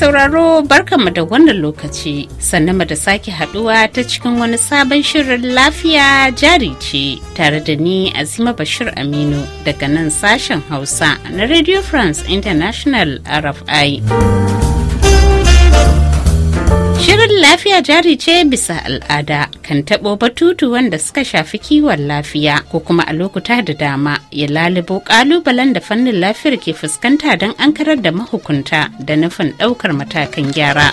sauraro barka barkanmu da wannan lokaci sannan mu da sake haduwa ta cikin wani sabon shirin lafiya jari ce tare da ni Azima Bashir Aminu daga nan sashen Hausa na Radio France International RFI. Shirin lafiya jari ce bisa al'ada kan taɓo batutu wanda suka shafi kiwon lafiya ko kuma a lokuta da dama ya lalubo ƙalubalen da fannin lafiyar ke fuskanta don an karar da mahukunta da nufin ɗaukar matakan gyara.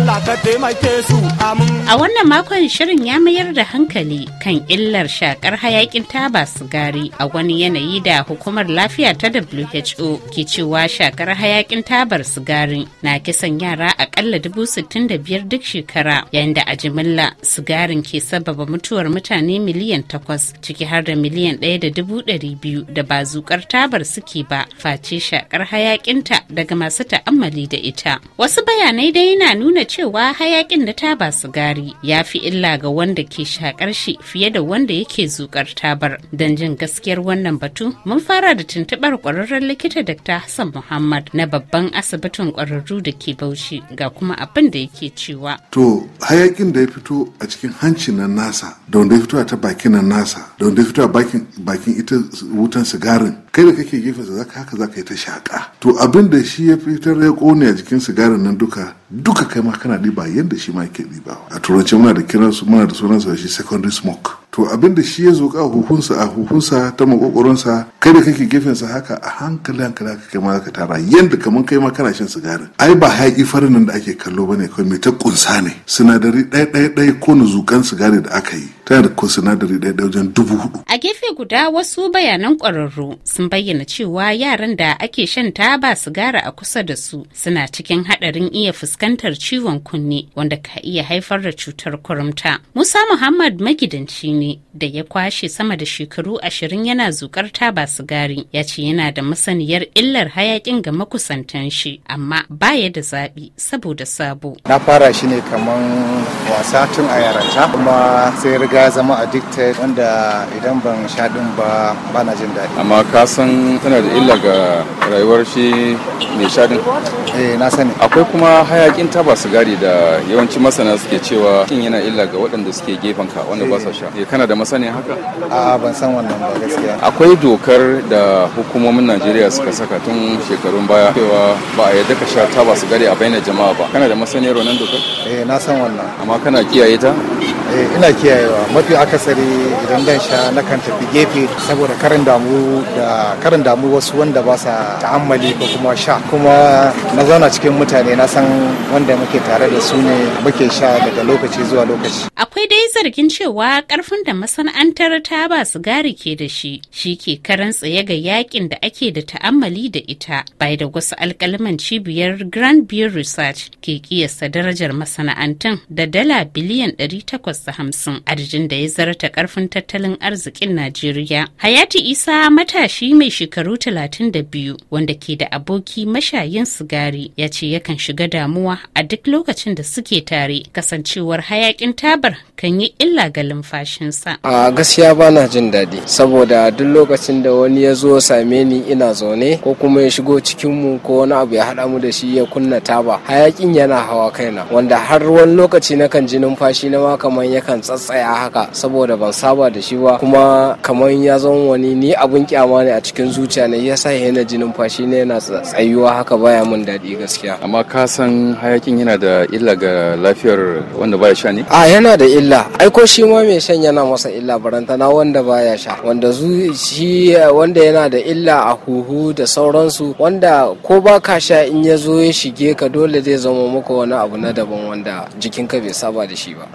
A wannan makon shirin ya mayar da hankali kan illar shakar hayakin taba sigari a wani yanayi da hukumar lafiya ta WHO ke cewa shakar hayakin tabar sigari na kisan yara akalla dubu sittin da biyar duk shekara yayin da a jimilla sigarin ke sababa mutuwar mutane miliyan takwas ciki har da miliyan ɗaya da dubu ɗari biyu da ba zukar tabar suke ba face shakar hayakinta daga masu ta'ammali da ita. Wasu bayanai dai na nuna cewa hayakin da ta taba sigari ya fi illa ga wanda ke shakar shi fiye da wanda yake zukar tabar. Don jin gaskiyar wannan batu, mun fara da tuntuɓar ƙwararren likita Dr. Hassan Muhammad na babban asibitin ƙwararru da ke Bauchi ga kuma abin da yake cewa. To, hayakin da ya fito a cikin hanci na nasa, da wanda ya fito a ta bakin na nasa, da wanda ya fito a bakin ita wutan sigarin kai da kake gefe za ka haka za ka yi ta shaƙa. to abin da shi ya fitar ya ƙone a jikin sigarin nan duka duka kai ma kana ɗiba yadda shi ma yake ɗiba a turanci muna da kiran su muna da sunan sa shi secondary smoke to abin da shi ya zo a huhunsa a huhunsa ta makokoronsa kai da kake gefensa haka a hankali hankali haka kai ma za ka tara yadda kaman kai ma kana shan sigarin ai ba haƙi farin nan da ake kallo bane kawai mai ta kunsa ne sinadari ɗaya ɗaya ɗaya ko nuzukan sigari da aka yi tana da sinadari ɗaya wajen dubu hudu. A gefe guda wasu bayanan ƙwararru sun bayyana cewa yaran da ake shan taba sigara a kusa da su suna cikin haɗarin iya fuskantar ciwon kunne wanda ka iya haifar da cutar kurumta. Musa Muhammad magidanci ne da ya kwashe sama da shekaru ashirin yana zukar taba sigari ya ce yana da masaniyar illar hayaƙin ga makusantan shi amma baya da zaɓi saboda sabo. Na fara shi ne kamar wasa tun a yaranta kuma sai riga riga zama addicted wanda idan ban sha din ba ba na jin daɗi amma ka san tana da illa ga rayuwar shi mai sha din eh na sani akwai kuma hayakin taba sigari da yawanci masana suke cewa kin yana illa ga waɗanda suke gefen ka wanda ba su sha eh. eh kana da masaniya haka a ban san wannan ba gaskiya akwai dokar da hukumomin Najeriya suka saka tun shekarun baya cewa ba a yadda ka sha taba sigari a bainar jama'a ba kana da masaniyar wannan dokar eh na san wannan amma kana kiyaye ta Eh, ina kiyayewa mafi akasari idan dan sha na kan tafi gefe saboda karin damu da karin damu wasu wanda ba sa ta'ammali ko kuma sha kuma na zauna cikin mutane na san wanda muke tare da su ne muke sha daga lokaci zuwa lokaci akwai dai zargin cewa karfin da masana'antar ta ba gari ke da shi shi ke karan tsaye ga yakin da ake da ta'ammali da ita bai da wasu alkalman cibiyar grand beer research ke kiyasta darajar masana'antun da dala biliyan 800 kadarsa hamsin arjin da ya zarta karfin tattalin arzikin Najeriya. Hayati Isa matashi mai shekaru talatin da biyu wanda ke da aboki mashayin sigari ya ce yakan shiga damuwa a duk lokacin da suke tare kasancewar hayakin tabar kan yi illa ga lumfashinsa. A gaskiya ba na jin daɗi saboda duk lokacin da wani ya zo same ni ina zaune ko kuma ya shigo cikinmu ko wani abu ya haɗa mu da shi ya kunna taba hayakin yana hawa kaina wanda har wani lokaci na kan ji numfashi na ma kamar kaman yakan tsatsaya haka saboda ban saba da shi ba kuma kamar ya zama wani ni abun kyama ne a cikin zuciya ne ya sa yana ji numfashi ne yana tsayuwa haka baya mun daɗi gaskiya amma ka san hayakin yana da illa ga lafiyar wanda baya sha ne a yana da illa ai ko shi ma mai shan yana masa illa barantana wanda baya sha wanda zu shi wanda yana da illa a huhu da sauransu wanda ko ba ka sha in ya zo ya shige ka dole zai zama maka wani abu na daban wanda jikinka bai saba da shi ba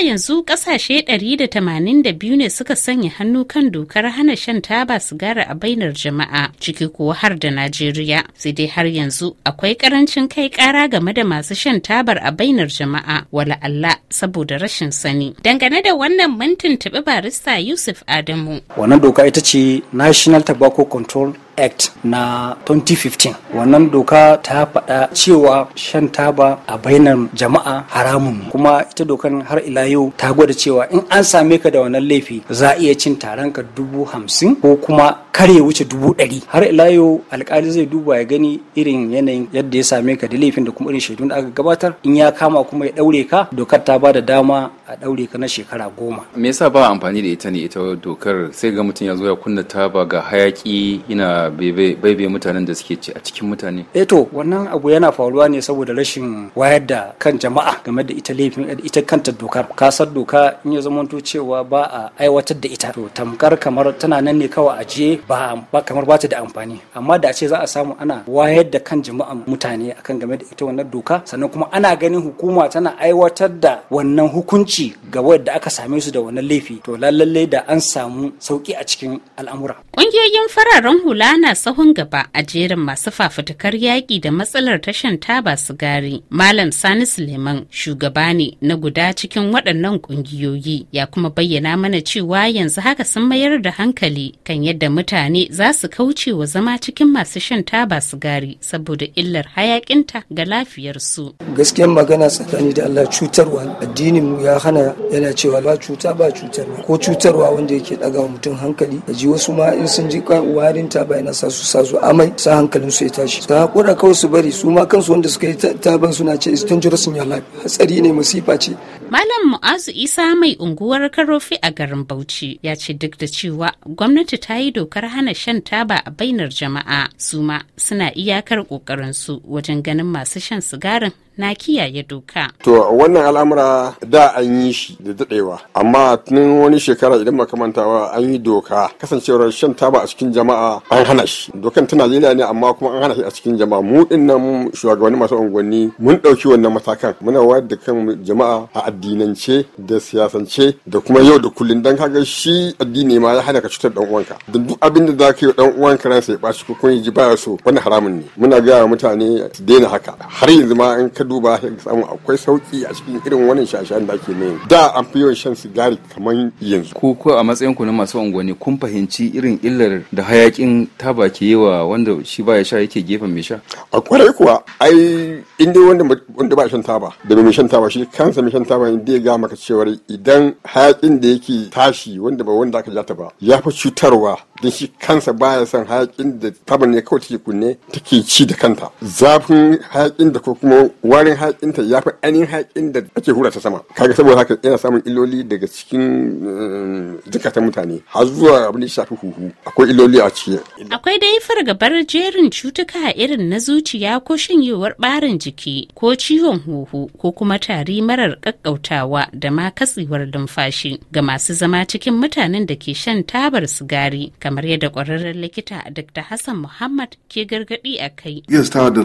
ya yanzu kasashe 182 ne suka sanya hannu kan dokar hana shan taba sigara a bainar jama'a ciki kuwa har da Najeriya. Sai dai har yanzu akwai karancin kai kara game da masu shan tabar a bainar jama'a wala Allah saboda rashin sani. Dangane da wannan mun tuntuɓi barista Yusuf Adamu. Wannan doka ita ce National Tobacco Control act na 2015 wannan doka ta faɗa cewa shan taba a bainar jama'a haramun kuma ita dokan har ila yau ta gwada cewa in an same ka da wannan laifi za a iya cin taron ka dubu hamsin ko kuma kare wuce dubu ɗari har ila yau alkali zai duba ya gani irin yanayin yadda ya same ka da laifin da kuma irin shaidun da aka gabatar in ya kama kuma ya ɗaure ka dokar ta ba da dama a ɗaure ka na shekara goma me yasa ba amfani da ita ne ita dokar sai ga mutum ya zo ya kunna taba ga hayaki ina. bai mutanen da suke ci a cikin mutane eh to wannan abu yana faruwa ne saboda rashin wayar da kan jama'a game da ita laifin ita kanta dokar kasar doka in ya zamanto cewa ba a aiwatar da ita to tamkar kamar tana nan ne kawai a je ba kamar ba ta da amfani amma da a ce za a samu ana wayar da kan jama'a mutane akan game da ita wannan doka sannan kuma ana ganin hukuma tana aiwatar da wannan hukunci ga wadda aka same su da wannan laifi to lallai da an samu sauki a cikin al'amura ƙungiyoyin fararen hula ana sahun gaba a jerin masu fafutukar yaƙi da matsalar tashan taba sigari. Malam Sani Suleiman shugaba ne na guda cikin waɗannan ƙungiyoyi ya kuma bayyana mana cewa yanzu haka sun mayar da hankali kan yadda mutane za su kauce wa zama cikin masu shan taba sigari saboda illar hayaƙinta ga lafiyarsu. Gaskiyan magana tsakani da Allah cutarwa addinin mu ya hana yana cewa ba cuta ba cutarwa ko cutarwa wanda yake ɗaga mutum hankali ji wasu ma in sun ji warin taba yana sa su sa su amai sa hankalin su ya tashi su hakura kawai su bari su ma kansu wanda suka yi taban suna ce is dangerous in your life hatsari ne masifa ce malam mu'azu isa mai unguwar karofi a garin bauchi ya ce duk da cewa gwamnati ta yi dokar hana shan taba a bainar jama'a su ma suna iyakar kokarin su wajen ganin masu shan sigarin na kiyaye doka. To wannan al'amura da an yi shi da daɗewa amma tun wani shekara idan ba kamantawa an yi doka kasancewar shan taba a cikin jama'a an hana shi dokan ta Najeriya ne amma kuma an hana shi a cikin jama'a mu din nan shugabanni masu unguwanni mun ɗauki wannan matakan muna wayar da kan jama'a a addinance da siyasance da kuma yau da kullum dan kaga shi addini ma ya hana ka cutar dan uwanka da duk abin da zaka yi dan uwanka ransa ya shi ko kun ji baya so wani haramun ne muna ga mutane su daina haka har yanzu ma an ka duba sai ka samu akwai sauki a cikin irin wannan shashan da ake mai da an fi yawan shan sigari kamar yanzu ko ko a matsayin ku na masu unguwanni kun fahimci irin illar da hayakin taba ke yi wa wanda shi baya sha yake gefen mai sha a kwarai kuwa ai in wanda wanda ba shan taba da mai shan taba shi kansa mai shan taba in dai ga maka cewa idan hayakin da yake tashi wanda ba wanda aka ta ba ya fi cutarwa don shi kansa baya son hayakin da tabar ne kawai take kunne take ci da kanta zafin hayakin da ko kuma warin hayakin ta yafi ainihin hayakin da ake hura ta sama kaga saboda haka yana samun illoli daga cikin eh, zukatan mutane har zuwa abin da shafi huhu akwai illoli a ciki akwai dai fargabar jerin cutuka a irin na zuciya ko shanyewar barin jiki ko ciwon huhu ko kuma tari marar kakkautawa da ma katsewar numfashi ga masu zama cikin mutanen da ke shan tabar sigari kamar yadda kwararren likita a Dr. Hassan Muhammad ke gargaɗi a kai. Yes, tawa da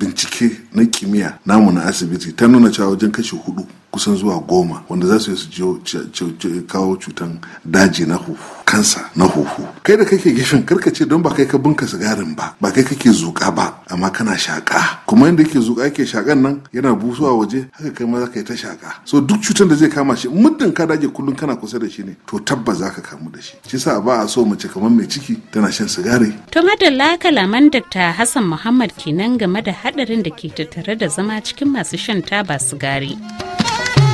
bincike na kimiyya namu na asibiti ta nuna cewa wajen kashe hudu kusan zuwa goma wanda za su yi su kawo cutan daji na huhu kansa na huhu kai da kake gishin karka ce don ba kai ka bunka sigarin ba ba kai kake zuka ba amma kana shaƙa kuma yadda yake zuka yake shakan nan yana busuwa waje haka kai ma za ka yi ta shaka so duk cutan da zai kama shi muddin ka dage kullum kana kusa da shi ne to tabbas za ka kamu da shi shi sa ba a so mace kamar mai ciki tana shan sigari to madalla kalaman dakta hassan muhammad kenan game da hadarin da ke tattare da zama cikin masu shan taba sigari.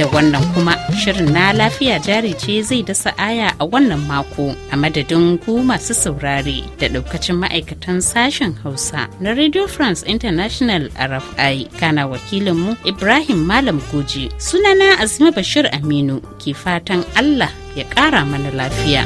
da wannan kuma shirin na lafiya jari ce zai dasa aya a wannan mako a madadin ku masu saurare da daukacin ma'aikatan sashen hausa na radio france international rfi kana wakilinmu ibrahim malam goji sunana azima bashir aminu ke fatan allah ya kara mana lafiya.